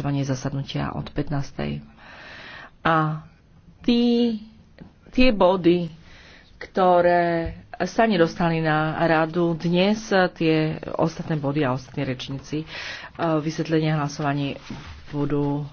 pokračovanie zasadnutia od 15. A tí, tie body, ktoré sa nedostali na radu dnes, tie ostatné body a ostatní rečníci, eh, vysvetlenia hlasovaní budú